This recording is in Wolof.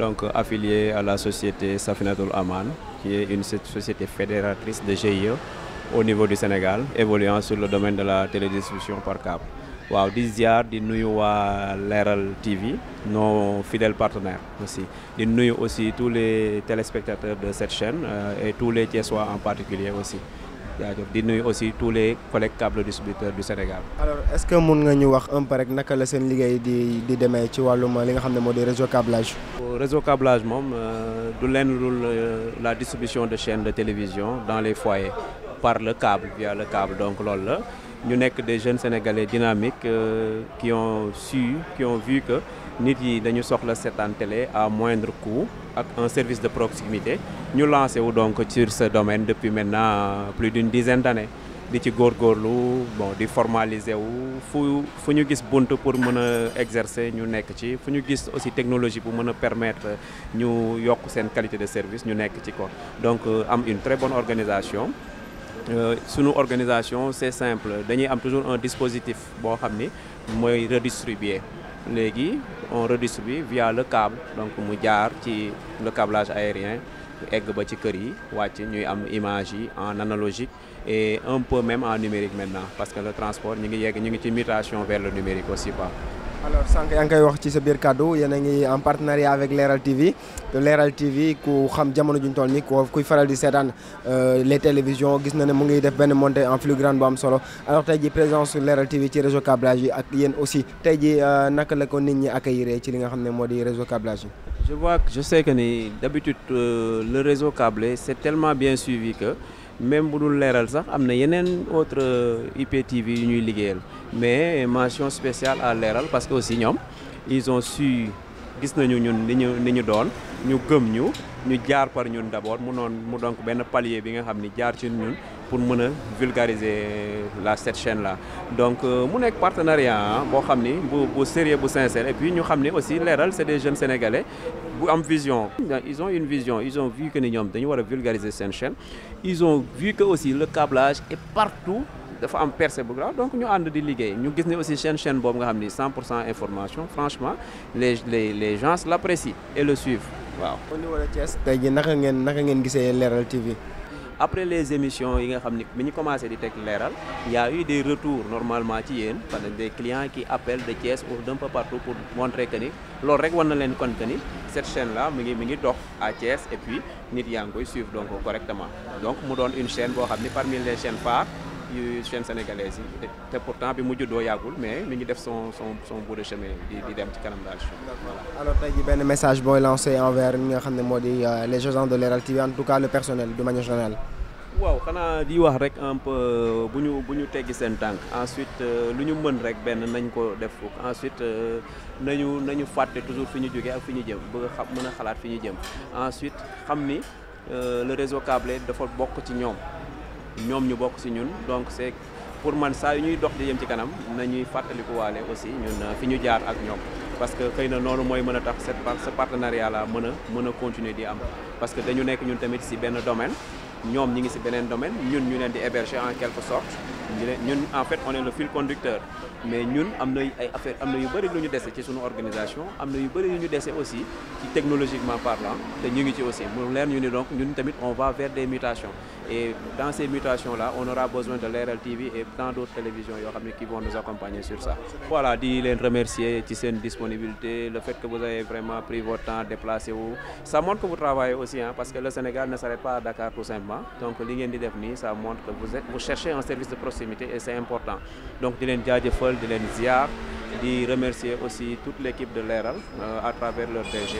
donc affilié à la société Safinatul Aman, qui est une société fédératrice de GIE au niveau du Sénégal, évoluant sur le domaine de la télédistribution par câble. waaw di di nuyu waa Leral TV nos fidèles partenaires aussi di nuyu aussi tous les téléspectateurs de cette chaîne euh, et tous les Thiessois en particulier aussi jaajëf di nuy aussi tous les collègues câble distributeurs du Sénégal. alors est-ce que mun nga ñu wax un peu rek naka la seen liggéey di di demee ci wàllum li nga xam ne moo di réseau câblage. réseau câblage moom euh, du lenn lul euh, la distribution de chaînes de télévision dans les foyers par le câble via le câble donc loolu la ñu nekk des jeunes sénégalais dynamiques euh, qui ont su qui ont vu que. nit yi dañu soxla seetaan télé à moindre coût ak un service de proximité ñu lancé wu donc sur ce domaine depuis maintenant euh, plus d'une dizaine d'années di ci góorgóorlu bon di formaliser wu fu fu ñu gis bunt pour mën a exercer ñu nekk ci fu ñu gis aussi technologie bu mën a permettre ñu yokk seen qualité de service ñu nekk ci ko donc euh, am une très bonne organisation euh, sunu organisation c'est simple dañuy am toujours un dispositif boo xam ni mooy redistribuer léegi on redistribue via le câble donc mu jaar ci le câblage aérien egg ba ci kër yi wàcc ñuy am image yi en analogique e un peu même en numérique maintenant parce que le transport ñu ngi yegg ñu ngi ci mutation vers le numérique aussi ba alors sànq yaa ngi koy wax ci sa biir kàddu yéen a ngi en partenariat avec Leral TV Leral TV ku xam jamono juñ toll nii ku kuy faral di seetaan euh, les télévisions gis na ne mu ngi def benn montée en filigrane bu am solo alors tey ji présence sur Leral TV ci réseau câblage yi ak yéen aussi tey ji euh, naka la ko nit ñi accueillir ci li nga xam ne moo di réseau câblage yi. je vois je sais que ni d'habitude euh, le réseau câblé c'est tellement bien suivi que. même bu dul leeral sax am na yeneen autre euh, IPTV yu ñuy liggéeyal mais mention spéciale à leeral parce que aussi ñoom ils ont su gis nañu ñun ni ñu ni ñu doon ñu gëm ñu ñu jaar par ñun d'abord mu noon mu donc benn palier bi nga xam ni jaar ci ñun pour mën a vulgariser la cette chaîne là donc euh, mu nekk partenariat boo xam ni bu bu sérieux bu sincère et puis ñu xam ni aussi leeral c'est des jeunes sénégalais bu am vision. ils ont une vision ils ont vu que ni ñoom dañu war a vulgariser seen chaîne ils ont vu que aussi le câblage est partout. dafa am percée bu grave donc ñu ànd di liggéey ñu gis ne aussi chaîne chaîne boobu nga xam ni 100 pour cent information franchement les les les gens l'apprécient et le suivent waaw. au naka ngeen naka ngeen gisee Leral TV. après les émissions yi nga xam ni bi ñu commencé di teg leeral y a eu des normalement ci yéen parce que des clients ki appellent de Thiès ou d'un peu partout pour montrer que ni rek war na leen kon que ni cette chaîne là mi ngi mi ngi dox à Thiès et puis nit yaa ngi koy suivre donc correctement donc mu doon une chaîne boo xam ni parmi les chaînes phares yu chaîne sénégalaise yi te pourtant bi mu juddoo yàggul mais mi ngi def son son son bout de chemin di dem ci kanam daal. voilà alors tey jii benn message booy lancé envers ñi nga xam ne moo di euh, le agents de Leral TV en tout cas le personnel de manière générale. waaw xanaa di wax rek un peu euh, bu ñu bu ñu teggi seen tànk ensuite euh, lu ñu mën rek benn nañ ko def ensuite nañu nañu fàtte toujours fi ñu jógee ak fi ñu jëm bëgg xam mën a xalaat fi ñu jëm ensuite xam ni le réseau câblé bokk ci ñoom. ñoom ñu bokk si ñun donc c'est pour man saa yu ñuy dox di yem ci kanam nañuy fàttaliku waale aussi ñun euh, fi ñu jaar ak ñoom parce que xëy na noonu mooy mën a tax cette ce partenariat là mën a mën a continuer di am parce que dañu nekk ñun tamit si benn domaine ñoom ñu ngi si beneen domaine ñun ñu leen di héberger en quelque sorte ñu leen ñun en fait on est le fil conducteur mais ñu am na ay affaire am na yu bëri lu ñu dese ci suñu organisation am na yu bëri yu ñu dese aussi ci technologiquement parlant te ñu ngi ci aussi mu leer ñu ni donc ñun tamit on va vers des mutations et dans ces mutations là on aura besoin de Leral TV et tant d'autres télévisions yoo xam ne qui vont nous accompagner sur ça voilà di leen remercier ci seen le fait vraiment pris votre temps déplacé wu ça montre que vous développement donc li ngeen di def nii ça montre que vous êtes vous cherchez un service de proximité et c'est important donc di leen jaajëfal di leen ziar di remercier aussi toute l'équipe de Leral euh, à travers leur DG.